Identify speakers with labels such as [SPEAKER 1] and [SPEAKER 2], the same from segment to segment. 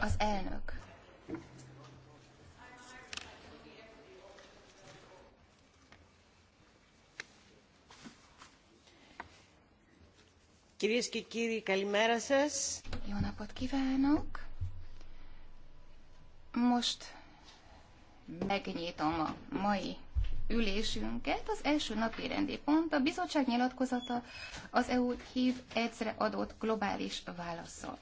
[SPEAKER 1] Az elnök.
[SPEAKER 2] Κυρίες και κύριοι, Jó
[SPEAKER 1] napot kívánok! Most megnyitom a mai ülésünket. Az első napi rendi pont a bizottság nyilatkozata az EU hív egyszerre adott globális válaszol.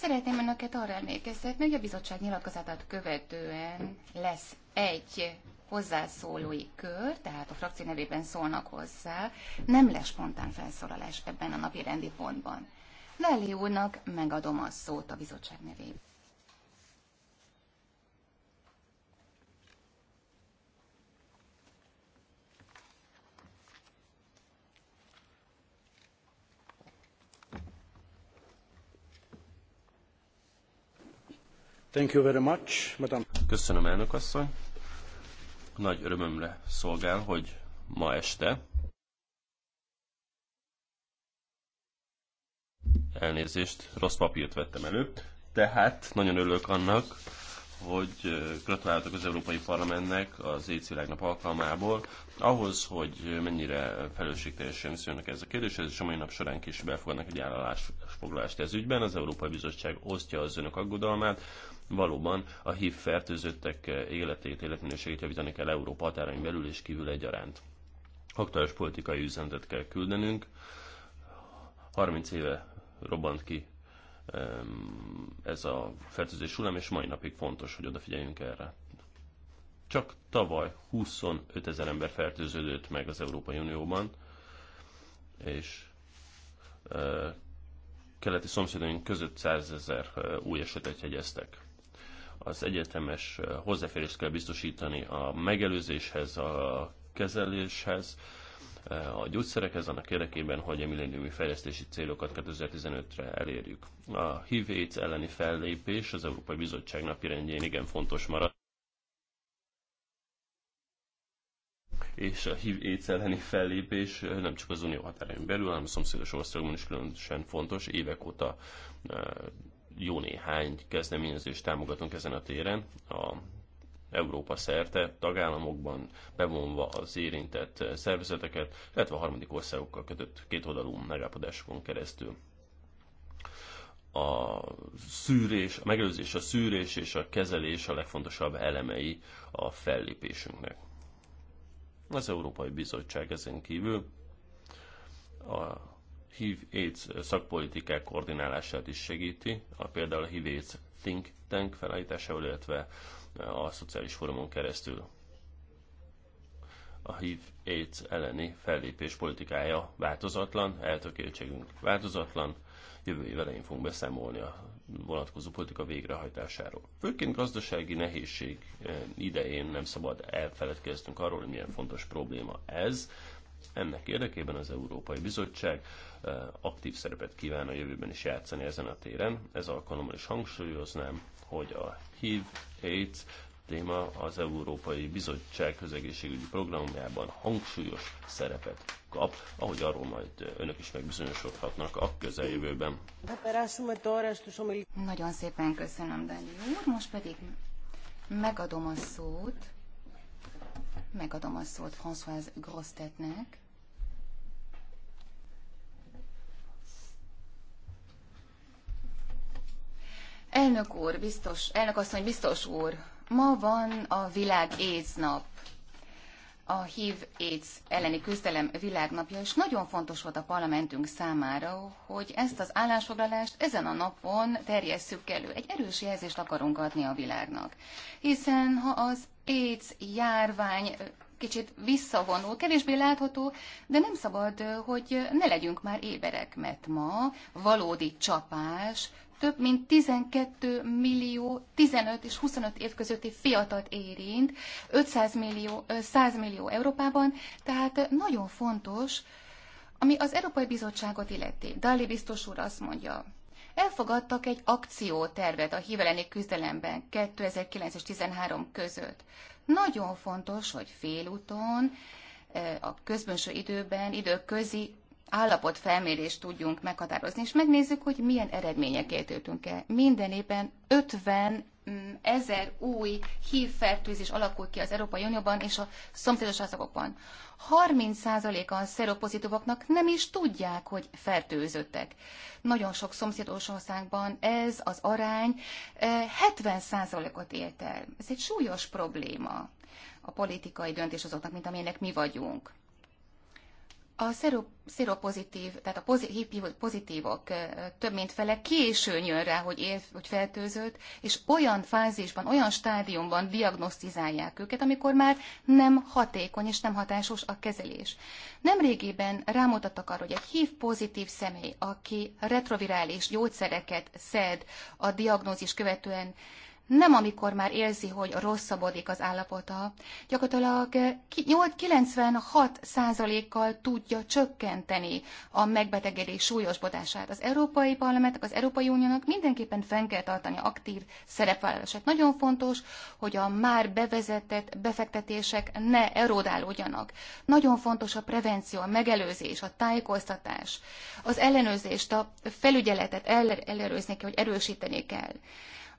[SPEAKER 1] Szeretném önöket arra emlékeztetni, hogy a bizottság nyilatkozatát követően lesz egy hozzászólói kör, tehát a frakció nevében szólnak hozzá, nem lesz spontán felszólalás ebben a napi rendi pontban. Leli úrnak megadom a szót a bizottság nevében.
[SPEAKER 3] Köszönöm, Nagy örömömre szolgál, hogy ma este elnézést, rossz papírt vettem elő. Tehát nagyon örülök annak, hogy gratuláltak az Európai Parlamentnek az EC világnap alkalmából, ahhoz, hogy mennyire felelősségteljesen viszonyulnak ez a kérdéshez, és a mai nap során később elfogadnak egy állásfoglalást ez ügyben. Az Európai Bizottság osztja az önök aggodalmát, valóban a HIV fertőzöttek életét, életminőségét javítani kell Európa határain belül és kívül egyaránt. Aktuális politikai üzenetet kell küldenünk. 30 éve robbant ki ez a fertőzés hullám, és mai napig fontos, hogy odafigyeljünk erre. Csak tavaly 25 ezer ember fertőződött meg az Európai Unióban, és e, keleti szomszédaink között 100 ezer e, új esetet jegyeztek. Az egyetemes e, hozzáférést kell biztosítani a megelőzéshez, a kezeléshez, a gyógyszerekhez annak érdekében, hogy a milléniumi fejlesztési célokat 2015-re elérjük. A hiv elleni fellépés az Európai Bizottság napirendjén igen fontos maradt. és a HIV elleni fellépés nem csak az unió határain belül, hanem a szomszédos országban is különösen fontos. Évek óta e, jó néhány kezdeményezést támogatunk ezen a téren. A Európa szerte, tagállamokban bevonva az érintett szervezeteket, illetve a harmadik országokkal kötött kétoldalú megállapodásokon keresztül. A szűrés, a megelőzés, a szűrés és a kezelés a legfontosabb elemei a fellépésünknek. Az Európai Bizottság ezen kívül a HIV-AIDS szakpolitikák koordinálását is segíti, a például a HIV-AIDS Think Tank felállításával, illetve a szociális fórumon keresztül. A HIV AIDS elleni fellépés politikája változatlan, eltökéltségünk változatlan, jövő év elején fogunk beszámolni a vonatkozó politika végrehajtásáról. Főként gazdasági nehézség eh, idején nem szabad elfeledkeznünk arról, hogy milyen fontos probléma ez. Ennek érdekében az Európai Bizottság eh, aktív szerepet kíván a jövőben is játszani ezen a téren. Ez alkalommal is hangsúlyoznám, hogy a HIV, AIDS téma az Európai Bizottság közegészségügyi programjában hangsúlyos szerepet kap, ahogy arról majd önök is megbizonyosodhatnak a közeljövőben.
[SPEAKER 1] Nagyon szépen köszönöm, Dani úr. Most pedig megadom a szót, megadom a szót François Grostetnek. Elnök úr, biztos, elnök asszony, biztos úr, ma van a világ AIDS nap. A HIV AIDS elleni küzdelem világnapja, és nagyon fontos volt a parlamentünk számára, hogy ezt az állásfoglalást ezen a napon terjesszük elő. Egy erős jelzést akarunk adni a világnak. Hiszen ha az AIDS járvány kicsit visszavonul, kevésbé látható, de nem szabad, hogy ne legyünk már éberek, mert ma valódi csapás, több mint 12 millió 15 és 25 év közötti fiatalt érint, 500 millió, 100 millió Európában, tehát nagyon fontos, ami az Európai Bizottságot illeti. Dali biztos úr azt mondja, elfogadtak egy akciótervet a hív küzdelemben 2009 és 2013 között. Nagyon fontos, hogy félúton, a közbönső időben, időközi állapotfelmérést tudjunk meghatározni, és megnézzük, hogy milyen eredményekért jöttünk el. Minden évben 50 mm, ezer új hívfertőzés alakul ki az Európai Unióban és a szomszédos országokban. 30%-a a szeropozitívoknak nem is tudják, hogy fertőzöttek. Nagyon sok szomszédos országban ez az arány 70%-ot eh, ért el. Ez egy súlyos probléma a politikai döntéshozóknak, mint amilyenek mi vagyunk a szeropozitív, tehát a pozitív, pozitívok több mint fele későn jön rá, hogy, ér, hogy fertőzött, és olyan fázisban, olyan stádiumban diagnosztizálják őket, amikor már nem hatékony és nem hatásos a kezelés. Nemrégiben rámutattak arra, hogy egy hív pozitív személy, aki retrovirális gyógyszereket szed a diagnózis követően, nem amikor már érzi, hogy rosszabbodik az állapota, gyakorlatilag 96%-kal tudja csökkenteni a megbetegedés súlyosbodását. Az Európai Parlamentnek, az Európai Uniónak mindenképpen fenn kell tartani aktív szerepvállalását. Nagyon fontos, hogy a már bevezetett befektetések ne erodálódjanak. Nagyon fontos a prevenció, a megelőzés, a tájékoztatás, az ellenőrzést, a felügyeletet ellenőrizni kell, hogy erősíteni kell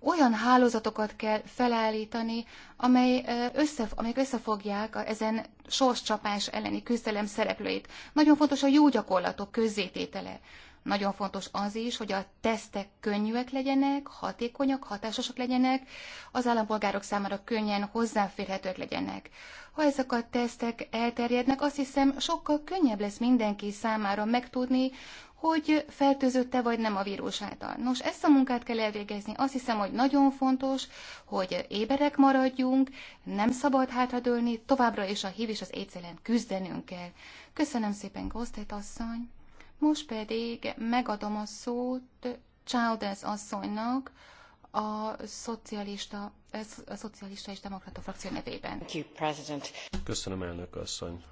[SPEAKER 1] olyan hálózatokat kell felállítani, amely össze, amelyek összefogják a, ezen sorscsapás elleni küzdelem szereplőit. Nagyon fontos a jó gyakorlatok közzététele. Nagyon fontos az is, hogy a tesztek könnyűek legyenek, hatékonyak, hatásosak legyenek, az állampolgárok számára könnyen hozzáférhetők legyenek. Ha ezek a tesztek elterjednek, azt hiszem sokkal könnyebb lesz mindenki számára megtudni, hogy fertőzötte vagy nem a vírus által. Nos, ezt a munkát kell elvégezni. Azt hiszem, hogy nagyon fontos, hogy éberek maradjunk, nem szabad hátradőlni, továbbra is a hív és az éjsz küzdenünk kell. Köszönöm szépen, Gosztet asszony. Most pedig megadom a szót Childers asszonynak, a szocialista, a szocialista és demokrata frakció nevében.
[SPEAKER 3] Köszönöm, elnök asszony.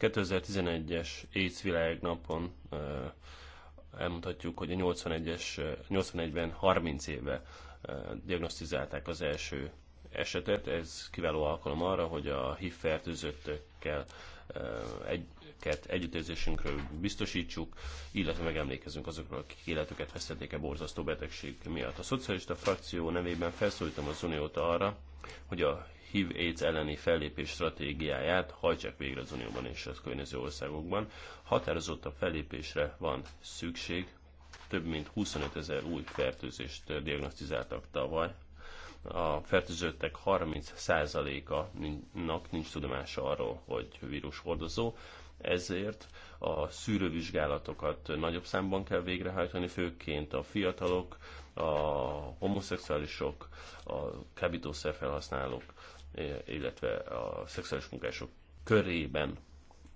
[SPEAKER 3] 2011-es AIDS világnapon elmondhatjuk, hogy a 81-es, 81-ben 30 éve diagnosztizálták az első esetet. Ez kiváló alkalom arra, hogy a HIV fertőzöttökkel egy, együttérzésünkről biztosítsuk, illetve megemlékezünk azokról, akik életüket veszedték a borzasztó betegség miatt. A szocialista frakció nevében felszólítom az Uniót arra, hogy a HIV AIDS elleni fellépés stratégiáját hajtsák végre az Unióban és az környező országokban. Határozottabb fellépésre van szükség. Több mint 25 ezer új fertőzést diagnosztizáltak tavaly. A fertőzöttek 30%-nak nincs tudomása arról, hogy hordozó. ezért a szűrővizsgálatokat nagyobb számban kell végrehajtani, főként a fiatalok, a homoszexuálisok, a kábítószerfelhasználók E, illetve a szexuális munkások körében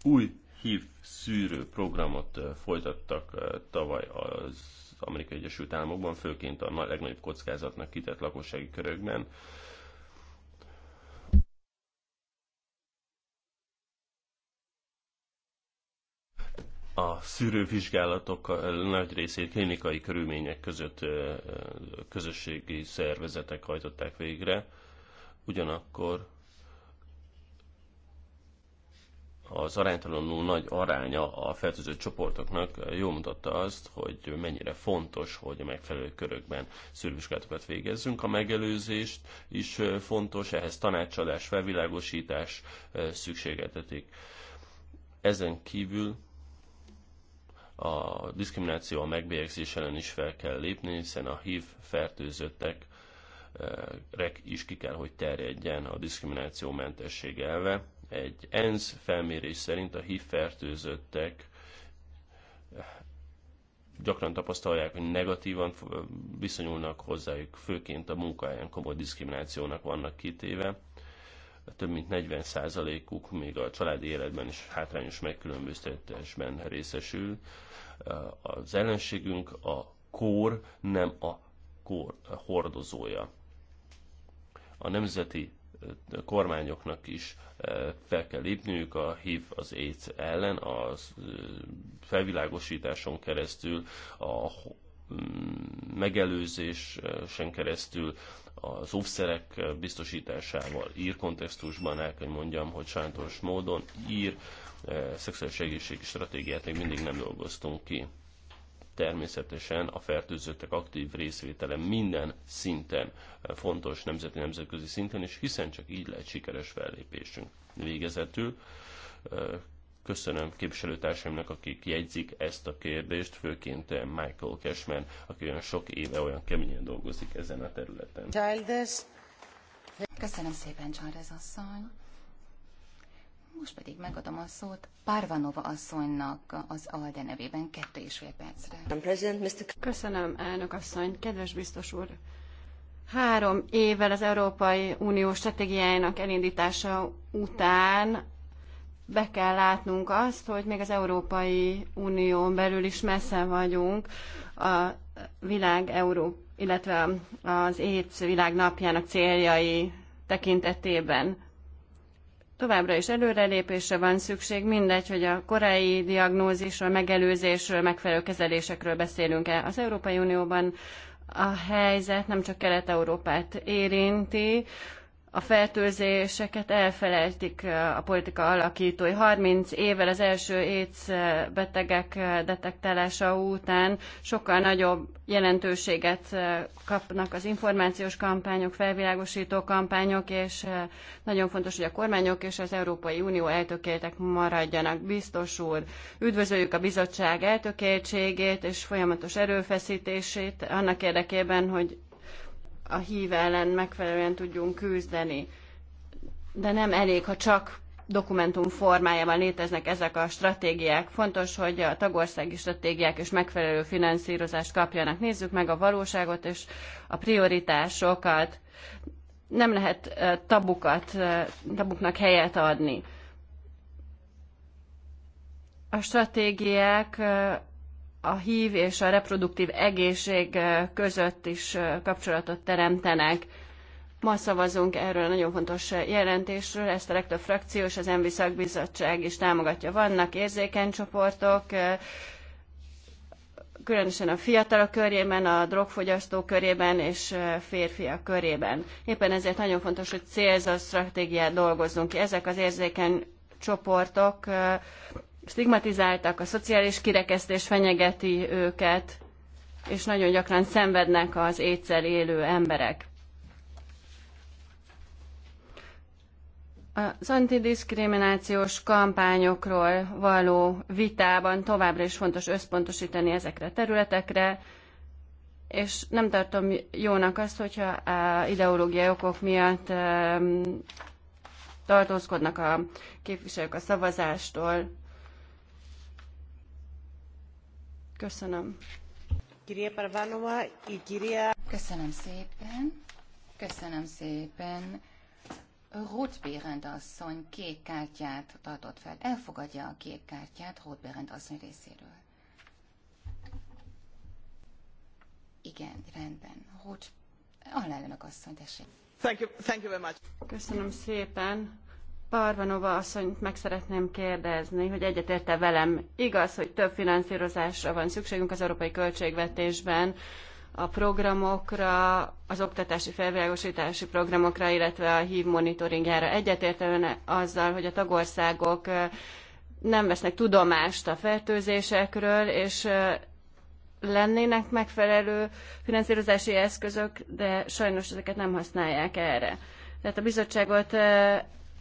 [SPEAKER 3] új HIV szűrő programot e, folytattak e, tavaly az Amerikai Egyesült Államokban, főként a legnagyobb kockázatnak kitett lakossági körökben. a szűrővizsgálatok nagy részét klinikai körülmények között közösségi szervezetek hajtották végre ugyanakkor az aránytalanul nagy aránya a fertőzött csoportoknak jól mutatta azt, hogy mennyire fontos, hogy a megfelelő körökben szűrvizsgálatokat végezzünk. A megelőzést is fontos, ehhez tanácsadás, felvilágosítás eh, szükségetetik. Ezen kívül a diszkrimináció, a megbélyegzés ellen is fel kell lépni, hiszen a HIV fertőzöttek is ki kell, hogy terjedjen a mentesség elve. Egy ENSZ felmérés szerint a HIV fertőzöttek gyakran tapasztalják, hogy negatívan viszonyulnak hozzájuk, főként a munkahelyen komoly diszkriminációnak vannak kitéve. Több mint 40%-uk még a családi életben is hátrányos megkülönböztetésben részesül. Az ellenségünk a kór, nem a kór hordozója a nemzeti kormányoknak is fel kell lépniük a HIV az AIDS ellen, a felvilágosításon keresztül, a mm, megelőzésen keresztül, az óvszerek biztosításával, ír kontextusban el kell mondjam, hogy sajnos módon ír szexuális egészségi stratégiát még mindig nem dolgoztunk ki természetesen a fertőzöttek aktív részvétele minden szinten, eh, fontos nemzeti nemzetközi szinten, és hiszen csak így lehet sikeres fellépésünk. Végezetül eh, köszönöm képviselőtársaimnak, akik jegyzik ezt a kérdést, főként Michael Cashman, aki olyan sok éve olyan keményen dolgozik ezen a területen.
[SPEAKER 1] Köszönöm szépen, Csaldes asszony. Most pedig megadom a szót Parvanova asszonynak
[SPEAKER 2] az ALDE nevében kettő és fél percre. Köszönöm, elnök asszony, kedves biztos úr! Három évvel az Európai Unió stratégiájának elindítása után be kell látnunk azt, hogy még az Európai Unión belül is messze vagyunk a világ Euró, illetve az AIDS világ napjának céljai tekintetében. Továbbra is előrelépésre van szükség, mindegy, hogy a korai diagnózisról, megelőzésről, megfelelő kezelésekről beszélünk-e. Az Európai Unióban a helyzet nem csak Kelet-Európát érinti, a fertőzéseket elfelejtik a politika alakítói. 30 évvel az első AIDS betegek detektálása után sokkal nagyobb jelentőséget kapnak az információs kampányok, felvilágosító kampányok, és nagyon fontos, hogy a kormányok és az Európai Unió eltökéltek maradjanak. Biztos úr, üdvözöljük a bizottság eltökéltségét és folyamatos erőfeszítését annak érdekében, hogy a hív ellen megfelelően tudjunk küzdeni. De nem elég, ha csak dokumentum formájában léteznek ezek a stratégiák. Fontos, hogy a tagországi stratégiák is megfelelő finanszírozást kapjanak. Nézzük meg a valóságot és a prioritásokat. Nem lehet tabukat, tabuknak helyet adni. A stratégiák a hív és a reproduktív egészség között is kapcsolatot teremtenek. Ma szavazunk erről a nagyon fontos jelentésről, ezt a legtöbb frakció és az ENVI szakbizottság is támogatja. Vannak érzékeny csoportok, különösen a fiatalok körében, a drogfogyasztó körében és férfiak körében. Éppen ezért nagyon fontos, hogy célzott stratégiát dolgozzunk ki. Ezek az érzékeny csoportok stigmatizáltak, a szociális kirekesztés fenyegeti őket, és nagyon gyakran szenvednek az étszer élő emberek. Az antidiszkriminációs kampányokról való vitában továbbra is fontos összpontosítani ezekre a területekre, és nem tartom jónak azt, hogyha ideológiai okok miatt tartózkodnak a képviselők a szavazástól. Köszönöm.
[SPEAKER 1] Köszönöm szépen. Köszönöm szépen. Ruth Bérend asszony kék kártyát tartott fel. Elfogadja a kék kártyát Ruth Bérend asszony részéről. Igen, rendben. Ruth, alelnök asszony, tessék.
[SPEAKER 3] Thank you, thank you very much.
[SPEAKER 2] Köszönöm szépen. Parvanova asszonyt meg szeretném kérdezni, hogy egyetérte velem. Igaz, hogy több finanszírozásra van szükségünk az európai költségvetésben, a programokra, az oktatási felvilágosítási programokra, illetve a HIV monitoringjára. egyetértelően azzal, hogy a tagországok nem vesznek tudomást a fertőzésekről, és lennének megfelelő finanszírozási eszközök, de sajnos ezeket nem használják erre. Tehát a bizottságot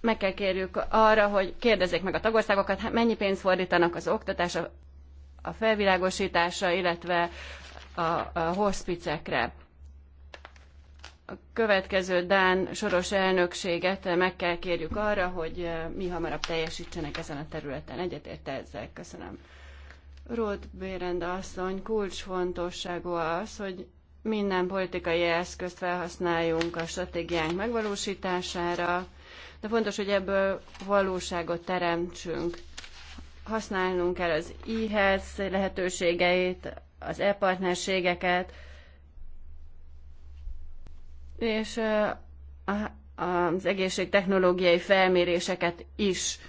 [SPEAKER 2] meg kell kérjük arra, hogy kérdezzék meg a tagországokat, hát mennyi pénzt fordítanak az oktatás a felvilágosítása illetve a, a hospicekre. A következő Dán soros elnökséget meg kell kérjük arra, hogy eh, mi hamarabb teljesítsenek ezen a területen. Egyetérte ezzel. Köszönöm. Ruth Bérenda asszony, kulcsfontosságú az, hogy minden politikai eszközt felhasználjunk a stratégiánk megvalósítására, de fontos, hogy ebből valóságot teremtsünk. Használnunk kell az IHEZ lehetőségeit, az e-partnerségeket, és az egészségtechnológiai felméréseket is.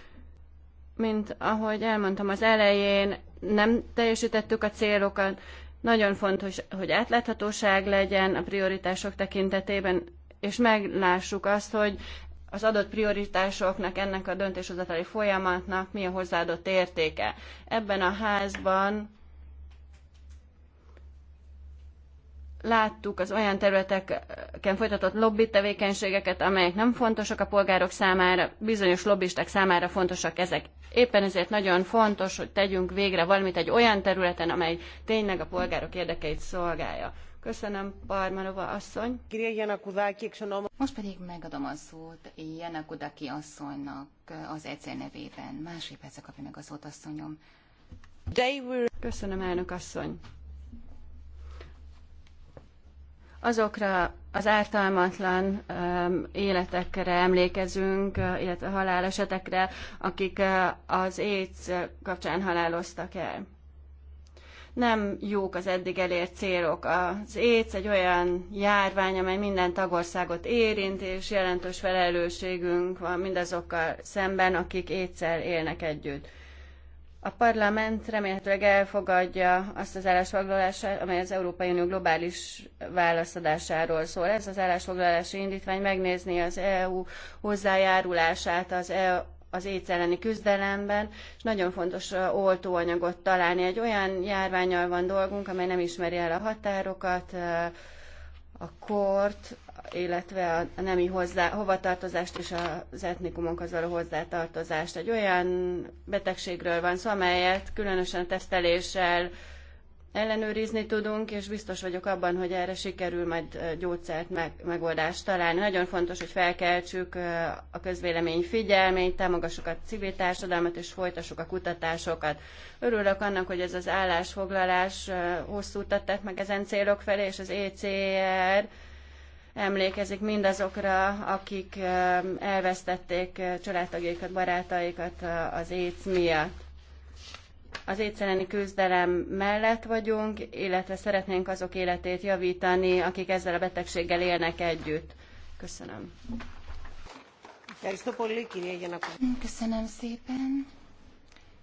[SPEAKER 2] Mint ahogy elmondtam az elején, nem teljesítettük a célokat, nagyon fontos, hogy átláthatóság legyen a prioritások tekintetében, és meglássuk azt, hogy az adott prioritásoknak, ennek a döntéshozatali folyamatnak mi a hozzáadott értéke. Ebben a házban láttuk az olyan területeken folytatott lobby tevékenységeket, amelyek nem fontosak a polgárok számára, bizonyos lobbisták számára fontosak ezek. Éppen ezért nagyon fontos, hogy tegyünk végre valamit egy olyan területen, amely tényleg a polgárok érdekeit szolgálja. Köszönöm, Parmanova asszony. Most pedig megadom a szót Janakudaki
[SPEAKER 1] asszonynak az egyszer nevében. Másik perce kapja meg a szót, asszonyom.
[SPEAKER 2] Köszönöm, elnök asszony. Azokra az ártalmatlan um, életekre emlékezünk, illetve halálesetekre, akik uh, az AIDS kapcsán haláloztak el nem jók az eddig elért célok. Az AIDS egy olyan járvány, amely minden tagországot érint, és jelentős felelősségünk van mindazokkal szemben, akik étszel élnek együtt. A parlament remélhetőleg elfogadja azt az állásfoglalását, amely az Európai Unió globális válaszadásáról szól. Ez az állásfoglalási indítvány megnézni az EU hozzájárulását az e az éjsz elleni küzdelemben, és nagyon fontos oltóanyagot találni. Egy olyan járványal van dolgunk, amely nem ismeri el a határokat, a kort, illetve a nemi hozzá, hovatartozást és az etnikumokhoz való hozzátartozást. Egy olyan betegségről van szó, amelyet különösen a teszteléssel ellenőrizni tudunk, és biztos vagyok abban, hogy erre sikerül majd gyógyszert meg, megoldást találni. Nagyon fontos, hogy felkeltsük a közvélemény figyelmét, támogassuk a civil társadalmat, és folytassuk a kutatásokat. Örülök annak, hogy ez az állásfoglalás hosszú utat tett meg ezen célok felé, és az ECR emlékezik mindazokra, akik elvesztették családtagjaikat, barátaikat az éc miatt az étszereni küzdelem mellett vagyunk, illetve szeretnénk azok életét javítani, akik ezzel a betegséggel élnek együtt. Köszönöm.
[SPEAKER 1] Köszönöm szépen.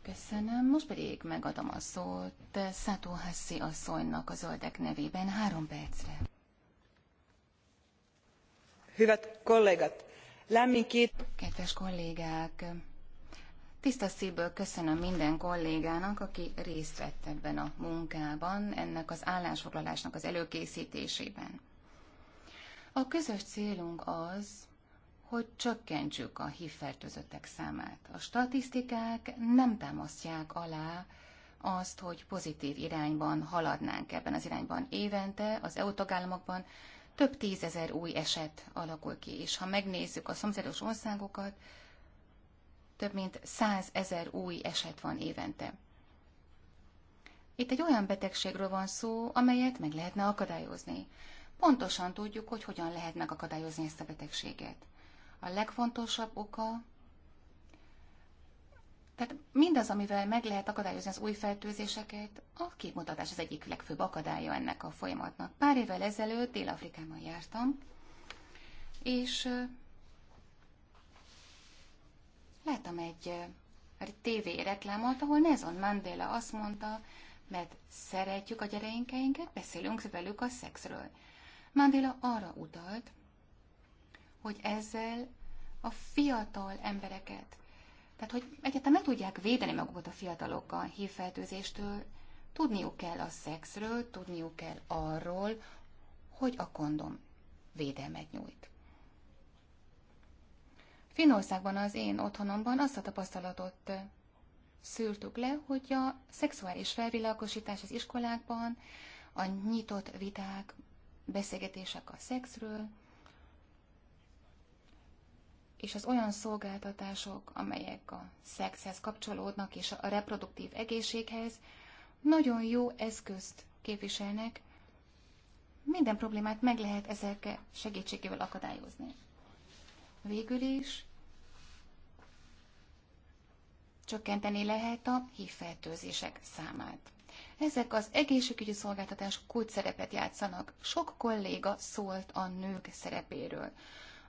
[SPEAKER 1] Köszönöm. Most pedig megadom a szót Szátó Hassi asszonynak a zöldek nevében három percre. Hüvet kollégát! két... Kedves kollégák! Tiszta szívből köszönöm minden kollégának, aki részt vett ebben a munkában, ennek az állásfoglalásnak az előkészítésében. A közös célunk az, hogy csökkentsük a hívfertőzöttek számát. A statisztikák nem támasztják alá azt, hogy pozitív irányban haladnánk ebben az irányban. Évente az EU tagállamokban több tízezer új eset alakul ki, és ha megnézzük a szomszédos országokat, több mint 100 ezer új eset van évente. Itt egy olyan betegségről van szó, amelyet meg lehetne akadályozni. Pontosan tudjuk, hogy hogyan lehet megakadályozni ezt a betegséget. A legfontosabb oka, tehát mindaz, amivel meg lehet akadályozni az új fertőzéseket, a képmutatás az egyik legfőbb akadálya ennek a folyamatnak. Pár évvel ezelőtt Dél-Afrikában jártam, és Láttam egy, egy TV reklámot, ahol Nelson Mandela azt mondta, mert szeretjük a gyerekeinket, beszélünk velük a szexről. Mandela arra utalt, hogy ezzel a fiatal embereket, tehát hogy egyáltalán meg tudják védeni magukat a fiatalok a hívfertőzéstől, tudniuk kell a szexről, tudniuk kell arról, hogy a kondom védelmet nyújt. Finországban, az én otthonomban azt a tapasztalatot szűrtük le, hogy a szexuális felvilágosítás az iskolákban, a nyitott viták, beszélgetések a szexről, és az olyan szolgáltatások, amelyek a szexhez kapcsolódnak és a reproduktív egészséghez, nagyon jó eszközt képviselnek, minden problémát meg lehet ezekkel segítségével akadályozni. Végül is Csökkenteni lehet a hívfertőzések számát. Ezek az egészségügyi szolgáltatás kulcs szerepet játszanak. Sok kolléga szólt a nők szerepéről.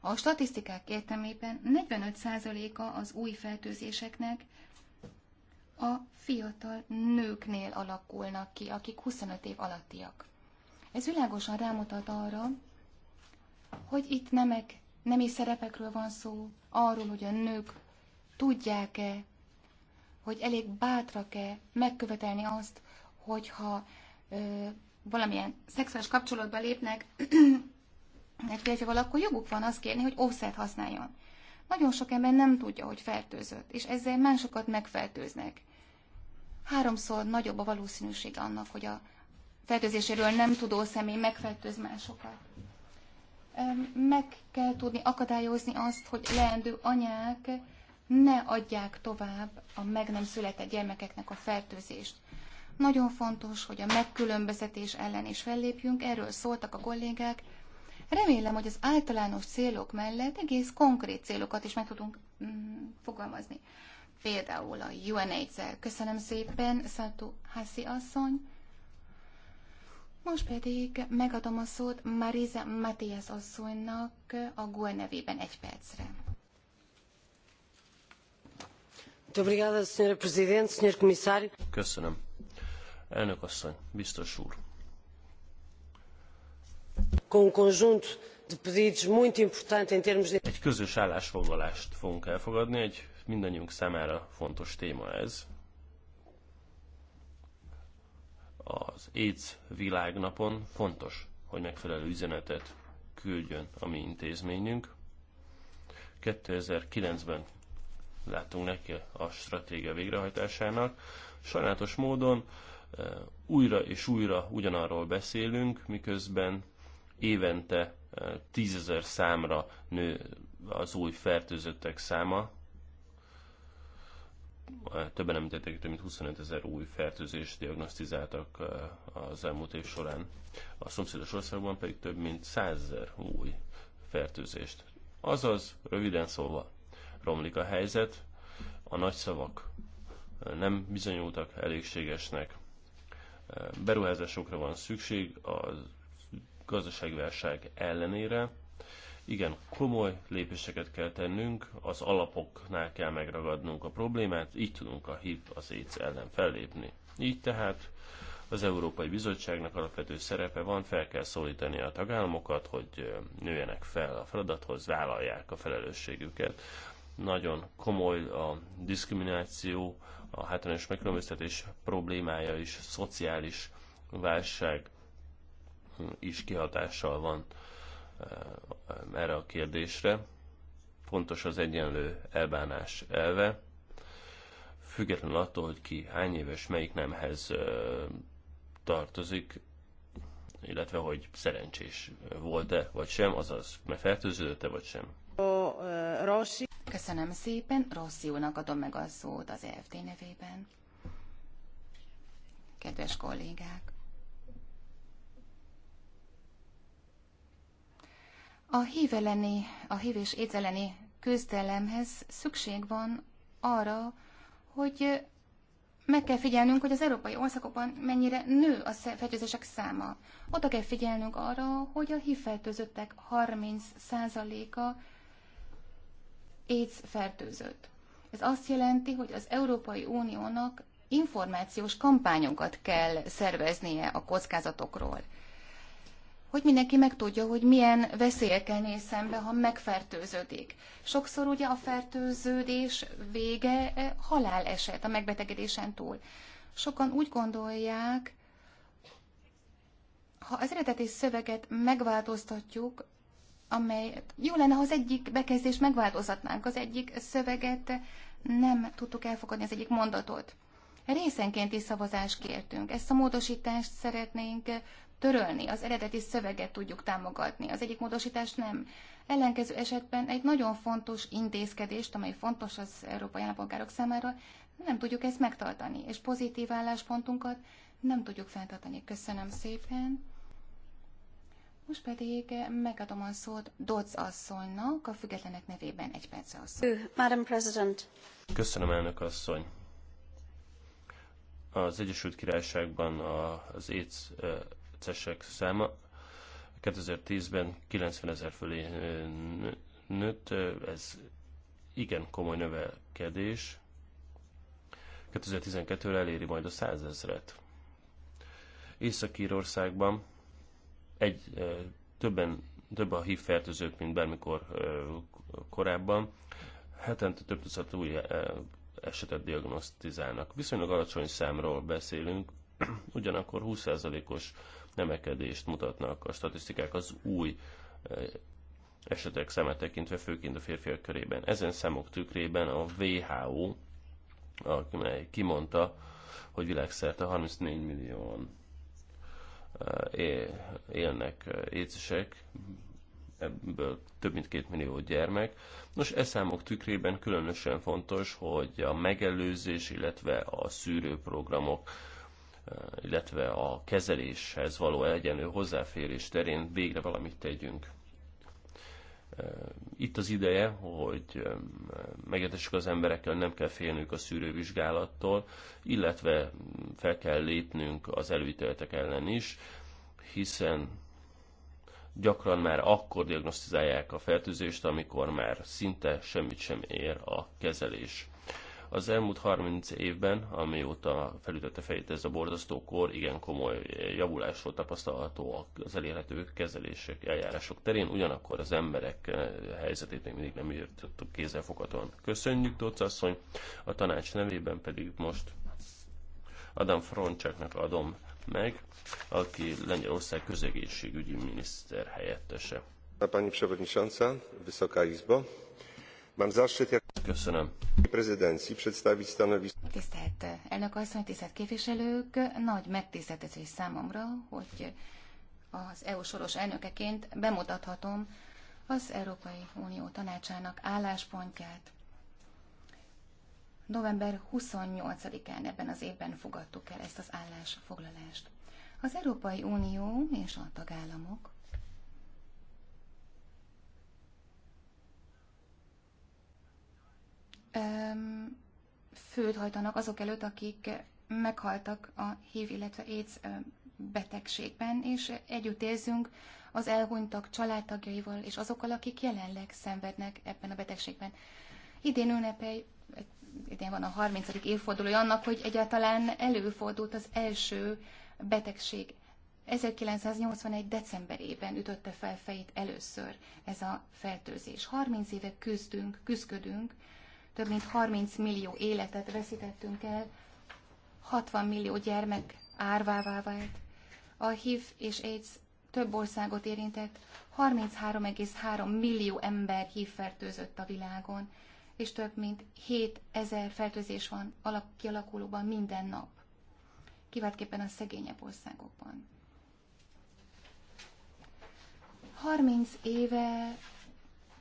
[SPEAKER 1] A statisztikák értelmében 45%-a az új fertőzéseknek a fiatal nőknél alakulnak ki, akik 25 év alattiak. Ez világosan rámutat arra, hogy itt nemek, nemi szerepekről van szó, arról, hogy a nők tudják-e hogy elég bátrak-e megkövetelni azt, hogyha ö, valamilyen szexuális kapcsolatba lépnek egy férfival, akkor joguk van azt kérni, hogy ószert használjon. Nagyon sok ember nem tudja, hogy fertőzött, és ezzel másokat megfertőznek. Háromszor nagyobb a valószínűség annak, hogy a fertőzéséről nem tudó személy megfertőz másokat. Meg kell tudni akadályozni azt, hogy leendő anyák ne adják tovább a meg nem született gyermekeknek a fertőzést. Nagyon fontos, hogy a megkülönböztetés ellen is fellépjünk, erről szóltak a kollégák. Remélem, hogy az általános célok mellett egész konkrét célokat is meg tudunk mm, fogalmazni. Például a UNAIDS-el. Köszönöm szépen, Szatú Hassi asszony. Most pedig megadom a szót Marisa Matthias asszonynak a GUE nevében egy percre.
[SPEAKER 3] Köszönöm. Elnök asszony, biztos úr.
[SPEAKER 2] Um egy
[SPEAKER 3] közös állásfoglalást fogunk elfogadni, egy mindannyiunk számára fontos téma ez. Az AIDS világnapon fontos, hogy megfelelő üzenetet küldjön a mi intézményünk. 2009-ben látunk neki a stratégia végrehajtásának. Sajnálatos módon e, újra és újra ugyanarról beszélünk, miközben évente e, tízezer számra nő az új fertőzöttek száma. E, többen említettek, több mint 25 ezer új fertőzést diagnosztizáltak az elmúlt év során. A szomszédos országban pedig több mint 100 ezer új fertőzést. Azaz, röviden szólva, romlik a helyzet, a nagy szavak eh, nem bizonyultak elégségesnek, eh, beruházásokra van szükség a gazdaságválság ellenére. Igen, komoly lépéseket kell tennünk, az alapoknál kell megragadnunk a problémát, így tudunk a HIV, az AIDS ellen fellépni. Így tehát az Európai Bizottságnak alapvető szerepe van, fel kell szólítani a tagállamokat, hogy eh, nőjenek fel a feladathoz, vállalják a felelősségüket nagyon komoly a diszkrimináció, a hátrányos megkülönböztetés problémája is szociális válság hm, is kihatással van eh, erre a kérdésre. Fontos az egyenlő elbánás elve, függetlenül attól, hogy ki hány éves, melyik nemhez eh, tartozik, illetve hogy szerencsés volt-e vagy sem, azaz megfertőződött-e vagy sem.
[SPEAKER 1] Rossi. Köszönöm szépen, Rossi úrnak adom meg a szót az EFT nevében. Kedves kollégák! A hív elleni, a hív és éjsz elleni küzdelemhez szükség van arra, hogy meg kell figyelnünk, hogy az európai országokban mennyire nő a fertőzések száma. Oda kell figyelnünk arra, hogy a HIV fertőzöttek 30%-a AIDS fertőzött. Ez azt jelenti, hogy az Európai Uniónak információs kampányokat kell szerveznie a kockázatokról. Hogy mindenki megtudja, hogy milyen veszélyekkel néz szembe, ha megfertőződik. Sokszor ugye a fertőződés vége eh, haláleset a megbetegedésen túl. Sokan úgy gondolják, ha az eredeti szöveget megváltoztatjuk, amely jó lenne, ha az egyik bekezdés megváltozatnánk, az egyik szöveget nem tudtuk elfogadni, az egyik mondatot. Részenkénti szavazást kértünk. Ezt a módosítást szeretnénk törölni, az eredeti szöveget tudjuk támogatni, az egyik módosítást nem. Ellenkező esetben egy nagyon fontos intézkedést, amely fontos az európai állampolgárok számára, nem tudjuk ezt megtartani, és pozitív álláspontunkat nem tudjuk fenntartani. Köszönöm szépen! Most pedig megadom a szót Dodds asszonynak, a függetlenek nevében egy perc asszony. Madam
[SPEAKER 2] President.
[SPEAKER 3] Köszönöm, elnök asszony. Az Egyesült Királyságban az écesek száma 2010-ben 90 ezer fölé nőtt, ez igen komoly növekedés. 2012-re eléri majd a 100 ezret. Észak-Írországban egy, többen, több a HIV fertőzők, mint bármikor korábban. Hetente több tucat új esetet diagnosztizálnak. Viszonylag alacsony számról beszélünk, ugyanakkor 20%-os nemekedést mutatnak a statisztikák az új esetek számát tekintve, főként a férfiak körében. Ezen számok tükrében a WHO, amely kimondta, hogy világszerte 34 millióan élnek écesek, ebből több mint két millió gyermek. Nos, e számok tükrében különösen fontos, hogy a megelőzés, illetve a szűrőprogramok, illetve a kezeléshez való egyenlő hozzáférés terén végre valamit tegyünk itt az ideje, hogy megértessük az emberekkel, nem kell félnünk a szűrővizsgálattól, illetve fel kell lépnünk az előítéletek ellen is, hiszen gyakran már akkor diagnosztizálják a fertőzést, amikor már szinte semmit sem ér a kezelés. Az elmúlt 30 évben, amióta felütötte fejét ez a borzasztó kor, igen komoly javulás volt tapasztalható az elérhető kezelések, eljárások terén, ugyanakkor az emberek eh, helyzetét még mindig nem írtottuk kézzelfoghatóan. Köszönjük, Tóth asszony, a tanács nevében pedig most Adam Froncsáknak adom meg, aki Lengyelország közegészségügyi miniszter helyettese. Pani Przewodnicząca, Wysoka Izbo! Mam zaszczyt jak Köszönöm. prezydencji przedstawić stanowisko.
[SPEAKER 1] Tisztelt eh, elnök asszony, tisztelt képviselők, nagy megtiszteltetés számomra, hogy az EU soros elnökeként bemutathatom az Európai Unió tanácsának álláspontját. November 28-án ebben az évben fogadtuk el ezt az állásfoglalást. Az Európai Unió és a tagállamok főt hajtanak azok előtt, akik meghaltak a HIV, illetve AIDS betegségben, és együtt érzünk az elhunytak családtagjaival és azokkal, akik jelenleg szenvednek ebben a betegségben. Idén ünnepel, idén van a 30. évfordulója annak, hogy egyáltalán előfordult az első betegség. 1981. decemberében ütötte fel fejét először ez a fertőzés. 30 éve küzdünk, küzdködünk több mint 30 millió életet veszítettünk el, 60 millió gyermek árvává vált. A HIV és AIDS több országot érintett, 33,3 millió ember HIV fertőzött a világon, és több mint 7 ezer fertőzés van alap, kialakulóban minden nap, kiváltképpen a szegényebb országokban. 30 éve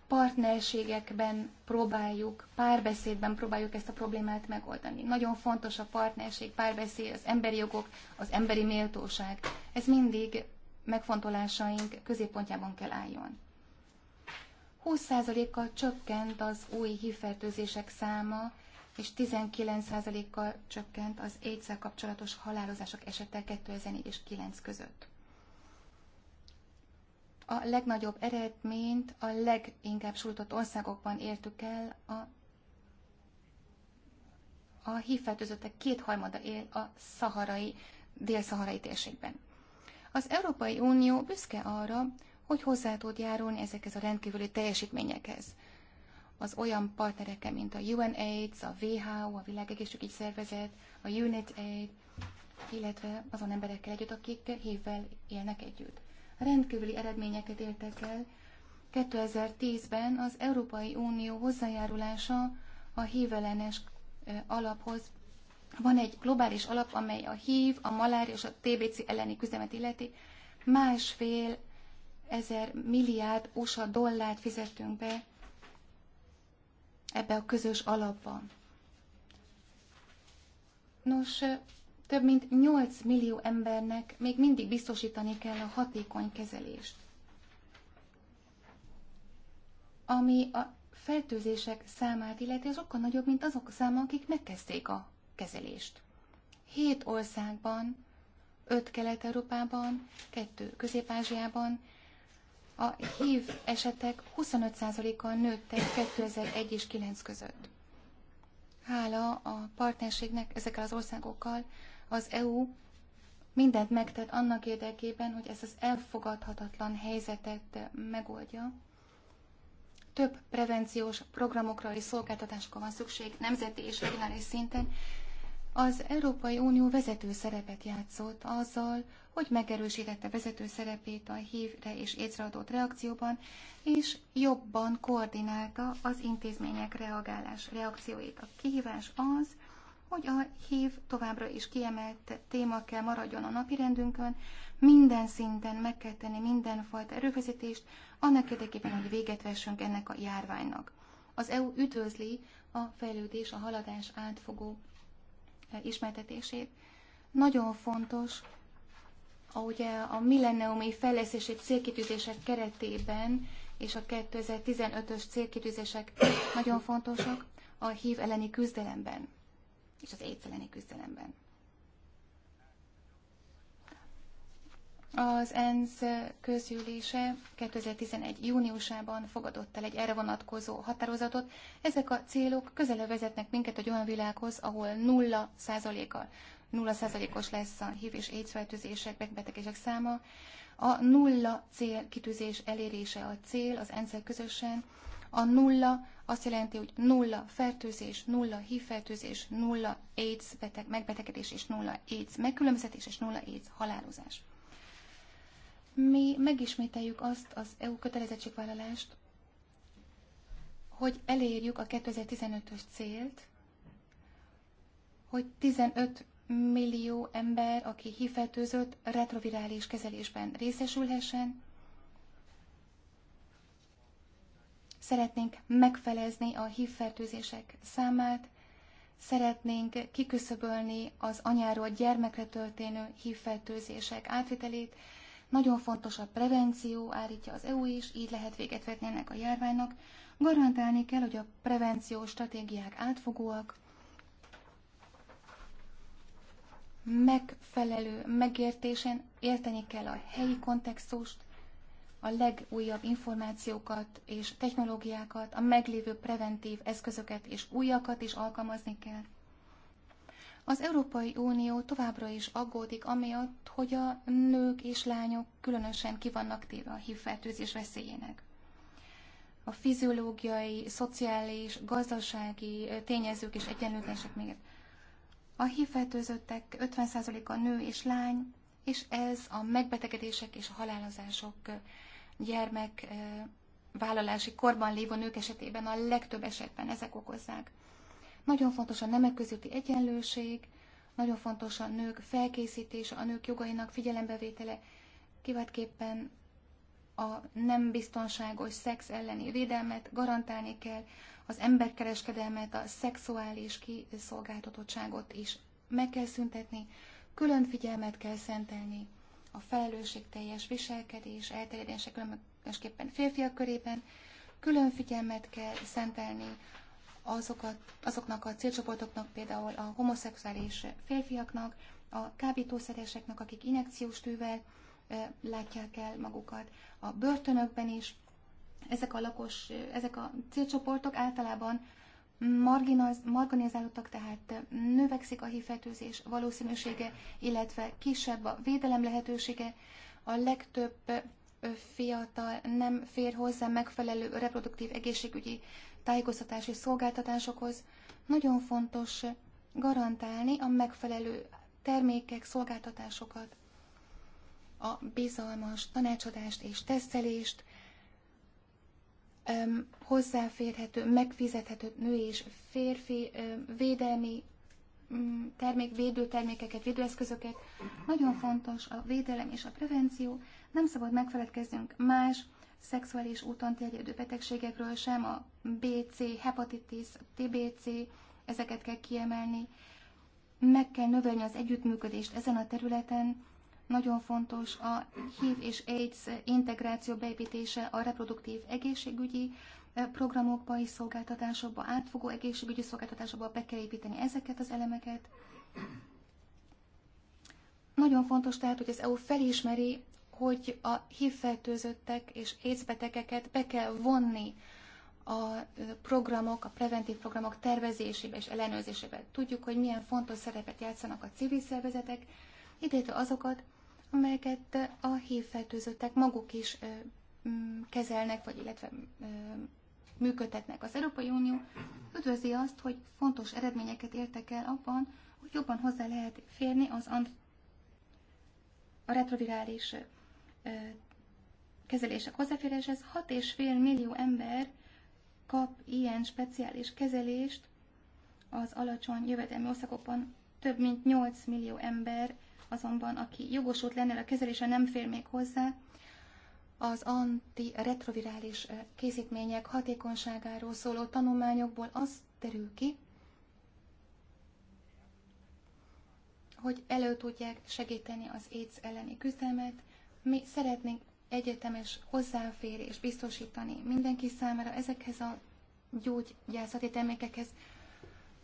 [SPEAKER 1] partnerségekben próbáljuk, párbeszédben próbáljuk ezt a problémát megoldani. Nagyon fontos a partnerség, párbeszéd, az emberi jogok, az emberi méltóság. Ez mindig megfontolásaink középpontjában kell álljon. 20%-kal csökkent az új hívfertőzések száma, és 19%-kal csökkent az aids kapcsolatos halálozások esete 2004 és 9 között. A legnagyobb eredményt a leginkább sújtott országokban értük el, a, a hívfertőzöttek kétharmada él a szaharai, dél-szaharai térségben. Az Európai Unió büszke arra, hogy hozzá tud járulni ezekhez a rendkívüli teljesítményekhez. Az olyan partnerekkel, mint a UNAIDS, a WHO, a Világegészségügyi Szervezet, a UNITAID, illetve azon emberekkel együtt, akik hívvel élnek együtt rendkívüli eredményeket értek el. 2010-ben az Európai Unió hozzájárulása a hívelenes alaphoz van egy globális alap, amely a HIV, a malária és a TBC elleni küzdemet illeti. Másfél ezer milliárd USA dollárt fizettünk be ebbe a közös alapba. Nos, több mint 8 millió embernek még mindig biztosítani kell a hatékony kezelést. Ami a fertőzések számát illeti, az sokkal nagyobb, mint azok a száma, akik megkezdték a kezelést. Hét országban, öt Kelet-Európában, kettő Közép-Ázsiában a HIV esetek 25 kal nőttek 2001 és 9 között. Hála a partnerségnek ezekkel az országokkal az EU mindent megtett annak érdekében, hogy ezt az elfogadhatatlan helyzetet megoldja. Több prevenciós programokra és szolgáltatásokra van szükség nemzeti és regionális szinten. Az Európai Unió vezető szerepet játszott azzal, hogy megerősítette vezető szerepét a hívre és észre adott reakcióban, és jobban koordinálta az intézmények reagálás reakcióit. A kihívás az, hogy a hív továbbra is kiemelt téma kell maradjon a napirendünkön, minden szinten meg kell tenni mindenfajta erőfeszítést, annak érdekében, hogy véget vessünk ennek a járványnak. Az EU üdvözli a fejlődés, a haladás átfogó e, ismertetését. Nagyon fontos, ahogy e, a millenniumi fejlesztési célkitűzések keretében és a 2015-ös célkitűzések nagyon fontosak a hív elleni küzdelemben és az AIDS küzdelemben. Az ENSZ közgyűlése 2011. júniusában fogadott el egy erre vonatkozó határozatot. Ezek a célok közelebb vezetnek minket egy olyan világhoz, ahol nulla százaléka, nulla százalékos lesz a HIV és AIDS fertőzések, megbetegések száma. A nulla cél kitűzés elérése a cél az ENSZ közösen. A nulla azt jelenti, hogy nulla fertőzés, nulla fertőzés, nulla AIDS beteg, megbetegedés és nulla AIDS megkülönböztetés és nulla AIDS halálozás. Mi megismételjük azt az EU kötelezettségvállalást, hogy elérjük a 2015-ös célt, hogy 15 millió ember, aki hívfertőzött, retrovirális kezelésben részesülhessen, Szeretnénk megfelezni a hívfertőzések számát, szeretnénk kiküszöbölni az anyáról gyermekre történő hívfertőzések átvitelét. Nagyon fontos a prevenció, állítja az EU is, így lehet véget vetni ennek a járványnak. Garantálni kell, hogy a prevenció stratégiák átfogóak, megfelelő megértésen érteni kell a helyi kontextust, a legújabb információkat és technológiákat, a meglévő preventív eszközöket és újakat is alkalmazni kell. Az Európai Unió továbbra is aggódik amiatt, hogy a nők és lányok különösen kivannak téve a hívfertőzés veszélyének. A fiziológiai, szociális, gazdasági tényezők és egyenlőtlenség miatt A hívfertőzöttek 50%-a nő és lány, és ez a megbetegedések és a halálozások gyermek vállalási korban lévő nők esetében a legtöbb esetben ezek okozzák. Nagyon fontos a nemek közötti egyenlőség, nagyon fontos a nők felkészítése, a nők jogainak figyelembevétele, kiváltképpen a nem biztonságos szex elleni védelmet garantálni kell, az emberkereskedelmet, a szexuális kiszolgáltatottságot is meg kell szüntetni, külön figyelmet kell szentelni a felelősségteljes viselkedés elterjedése különösképpen férfiak körében, külön figyelmet kell szentelni azokat, azoknak a célcsoportoknak, például a homoszexuális férfiaknak, a kábítószereseknek, akik injekciós tűvel e, látják el magukat, a börtönökben is. Ezek a lakos, ezek a célcsoportok általában marginalizálódtak, tehát növekszik a hívfertőzés valószínűsége, illetve kisebb a védelem lehetősége. A legtöbb fiatal nem fér hozzá megfelelő reproduktív egészségügyi tájékoztatási szolgáltatásokhoz. Nagyon fontos garantálni a megfelelő termékek, szolgáltatásokat, a bizalmas tanácsadást és tesztelést, hozzáférhető, megfizethető nő és férfi védelmi mm, termék, védőtermékeket, védőeszközöket. Nagyon fontos a védelem és a prevenció. Nem szabad megfeledkeznünk más szexuális úton terjedő betegségekről sem, a BC, hepatitis, TBC, ezeket kell kiemelni. Meg kell növelni az együttműködést ezen a területen, nagyon fontos a HIV és AIDS integráció beépítése a reproduktív egészségügyi eh, programokba és szolgáltatásokba, átfogó egészségügyi szolgáltatásokba be kell építeni ezeket az elemeket. Nagyon fontos tehát, hogy az EU felismeri, hogy a HIV fertőzöttek és AIDS betegeket be kell vonni a eh, programok, a preventív programok tervezésébe és ellenőrzésébe. Tudjuk, hogy milyen fontos szerepet játszanak a civil szervezetek, idejétől azokat, amelyeket a hívfertőzöttek maguk is kezelnek, vagy illetve működtetnek. Az Európai Unió üdvözli azt, hogy fontos eredményeket értek el abban, hogy jobban hozzá lehet férni az ant- a retrovirális ö, kezelések hozzáféréshez. 6,5 millió ember kap ilyen speciális kezelést az alacsony jövedelmi országokban. Több mint 8 millió ember azonban aki jogosult lenne a kezelése nem fér még hozzá, az antiretrovirális készítmények hatékonyságáról szóló tanulmányokból az derül ki, hogy elő tudják segíteni az AIDS elleni küzdelmet. Mi szeretnénk egyetemes hozzáférés biztosítani mindenki számára ezekhez a gyógyászati termékekhez.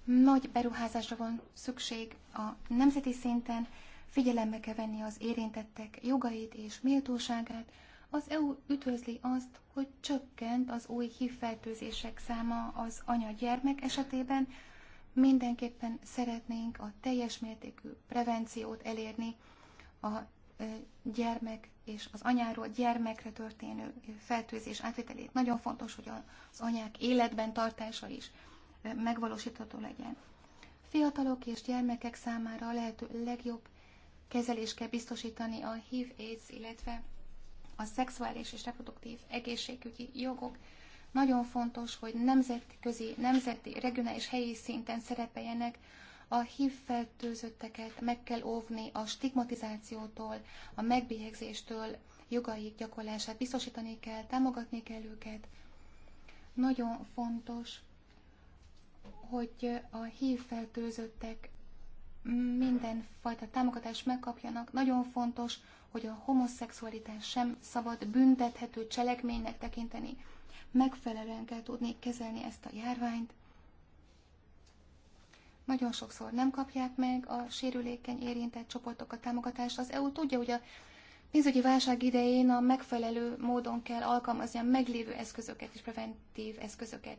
[SPEAKER 1] Nagy beruházásra van szükség a nemzeti szinten, figyelembe kell venni az érintettek jogait és méltóságát, az EU üdvözli azt, hogy csökkent az új hívfertőzések száma az anya-gyermek esetében, mindenképpen szeretnénk a teljes mértékű prevenciót elérni a gyermek és az anyáról gyermekre történő fertőzés átvételét. Nagyon fontos, hogy az anyák életben tartása is megvalósítható legyen. Fiatalok és gyermekek számára a lehető legjobb kezelést kell biztosítani a HIV AIDS, illetve a szexuális és reproduktív egészségügyi jogok. Nagyon fontos, hogy nemzetközi, nemzeti, regionális, helyi szinten szerepeljenek a HIV fertőzötteket meg kell óvni a stigmatizációtól, a megbélyegzéstől, jogaik gyakorlását biztosítani kell, támogatni kell őket. Nagyon fontos, hogy a HIV fertőzöttek mindenfajta támogatást megkapjanak. Nagyon fontos, hogy a homoszexualitás sem szabad büntethető cselekménynek tekinteni. Megfelelően kell tudni kezelni ezt a járványt. Nagyon sokszor nem kapják meg a sérülékeny érintett csoportok a támogatást. Az EU tudja, hogy a pénzügyi válság idején a megfelelő módon kell alkalmazni a meglévő eszközöket és preventív eszközöket.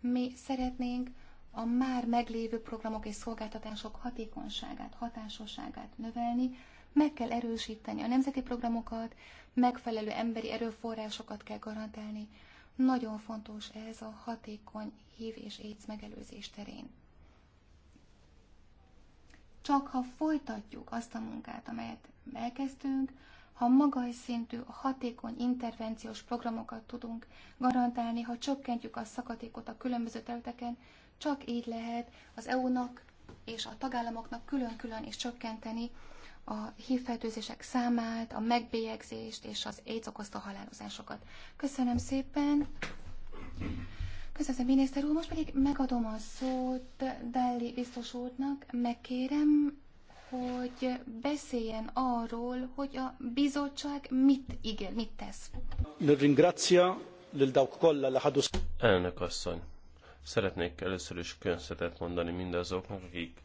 [SPEAKER 1] Mi szeretnénk a már meglévő programok és szolgáltatások hatékonyságát, hatásosságát növelni, meg kell erősíteni a nemzeti programokat, megfelelő emberi erőforrásokat kell garantálni. Nagyon fontos ez a hatékony hív és AIDS megelőzés terén. Csak ha folytatjuk azt a munkát, amelyet elkezdtünk, ha magas szintű, hatékony intervenciós programokat tudunk garantálni, ha csökkentjük a szakadékot a különböző területeken, csak így lehet az EU-nak és a tagállamoknak külön-külön is csökkenteni a hívfertőzések számát, a megbélyegzést és az AIDS okozta halálozásokat. Köszönöm szépen! Köszönöm, miniszter úr! Most pedig megadom a szót Dalli biztos úrnak. Megkérem, hogy beszéljen arról, hogy a bizottság mit ígér, mit tesz.
[SPEAKER 3] Elnök asszony, Szeretnék először is köszönetet mondani mindazoknak, akik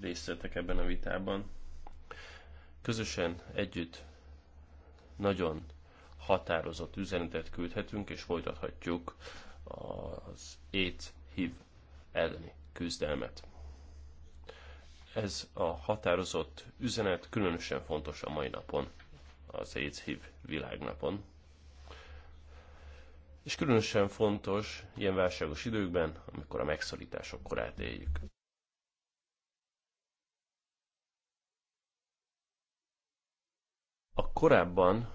[SPEAKER 3] részt vettek ebben a vitában. Közösen, együtt nagyon határozott üzenetet küldhetünk, és folytathatjuk az ét hív elleni küzdelmet. Ez a határozott üzenet különösen fontos a mai napon, az AIDS HIV világnapon. És különösen fontos ilyen válságos időkben, amikor a megszorítások korát éljük. A korábban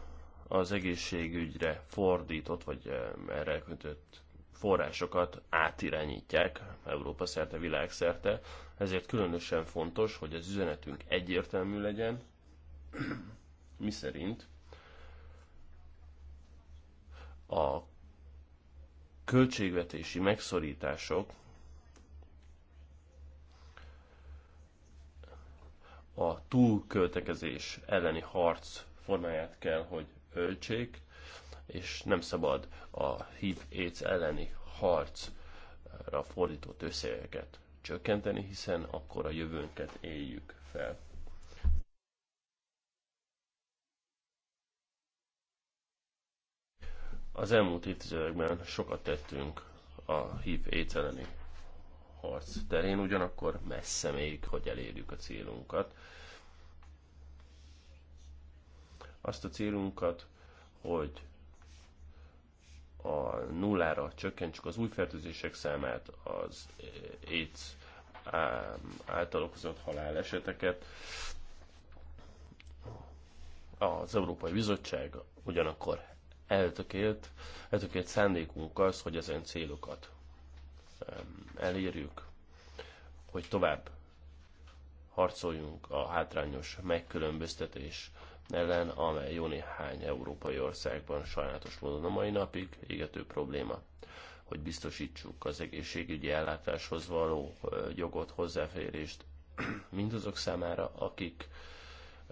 [SPEAKER 3] az egészségügyre fordított, vagy eh, erre kötött forrásokat átirányítják Európa szerte, világszerte, ezért különösen fontos, hogy az üzenetünk egyértelmű legyen, mi szerint a költségvetési megszorítások a túlköltekezés elleni harc formáját kell, hogy öltsék, és nem szabad a HIV AIDS elleni harcra fordított összegeket csökkenteni, hiszen akkor a jövőnket éljük fel. Az elmúlt évtizedekben sokat tettünk a HIV AIDS elleni harc terén, ugyanakkor messze még, hogy elérjük a célunkat. Azt a célunkat, hogy a nullára csökkentsük az új fertőzések számát, az AIDS által okozott haláleseteket. Az Európai Bizottság ugyanakkor eltökélt, eltökélt szándékunk az, hogy ezen célokat elérjük, hogy tovább harcoljunk a hátrányos megkülönböztetés ellen, amely jó néhány európai országban sajnálatos módon a mai napig égető probléma hogy biztosítsuk az egészségügyi ellátáshoz való jogot, hozzáférést mindazok számára, akik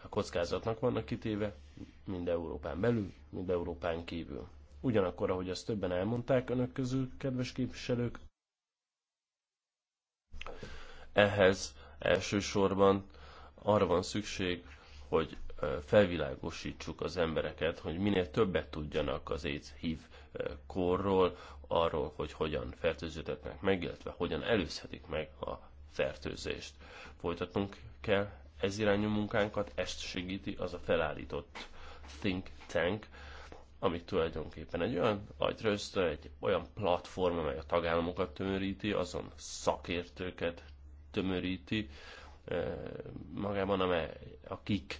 [SPEAKER 3] a kockázatnak vannak kitéve, mind Európán belül, mind Európán kívül. Ugyanakkor, ahogy azt többen elmondták önök közül, kedves képviselők, ehhez elsősorban arra van szükség, hogy felvilágosítsuk az embereket, hogy minél többet tudjanak az AIDS hív korról, arról, hogy hogyan fertőződhetnek meg, illetve hogyan előzhetik meg a fertőzést. Folytatnunk kell ez irányú munkánkat, ezt segíti az a felállított think tank, ami tulajdonképpen egy olyan agytrözt, egy olyan platform, amely a tagállamokat tömöríti, azon szakértőket tömöríti magában, amely, akik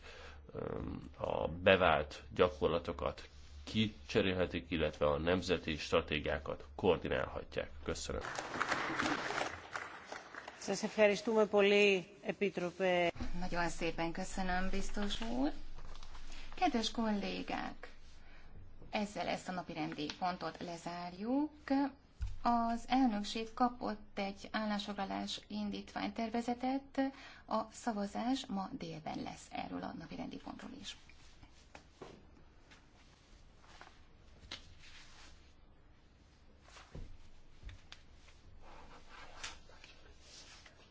[SPEAKER 3] a bevált gyakorlatokat kicserélhetik, illetve a nemzeti stratégiákat koordinálhatják. Köszönöm.
[SPEAKER 1] Nagyon szépen köszönöm, biztos úr. Kedves kollégák, ezzel ezt a napirendi pontot lezárjuk. Az elnökség kapott egy állásfoglalás indítványtervezetet. a szavazás ma délben lesz erről a napirendi pontról is.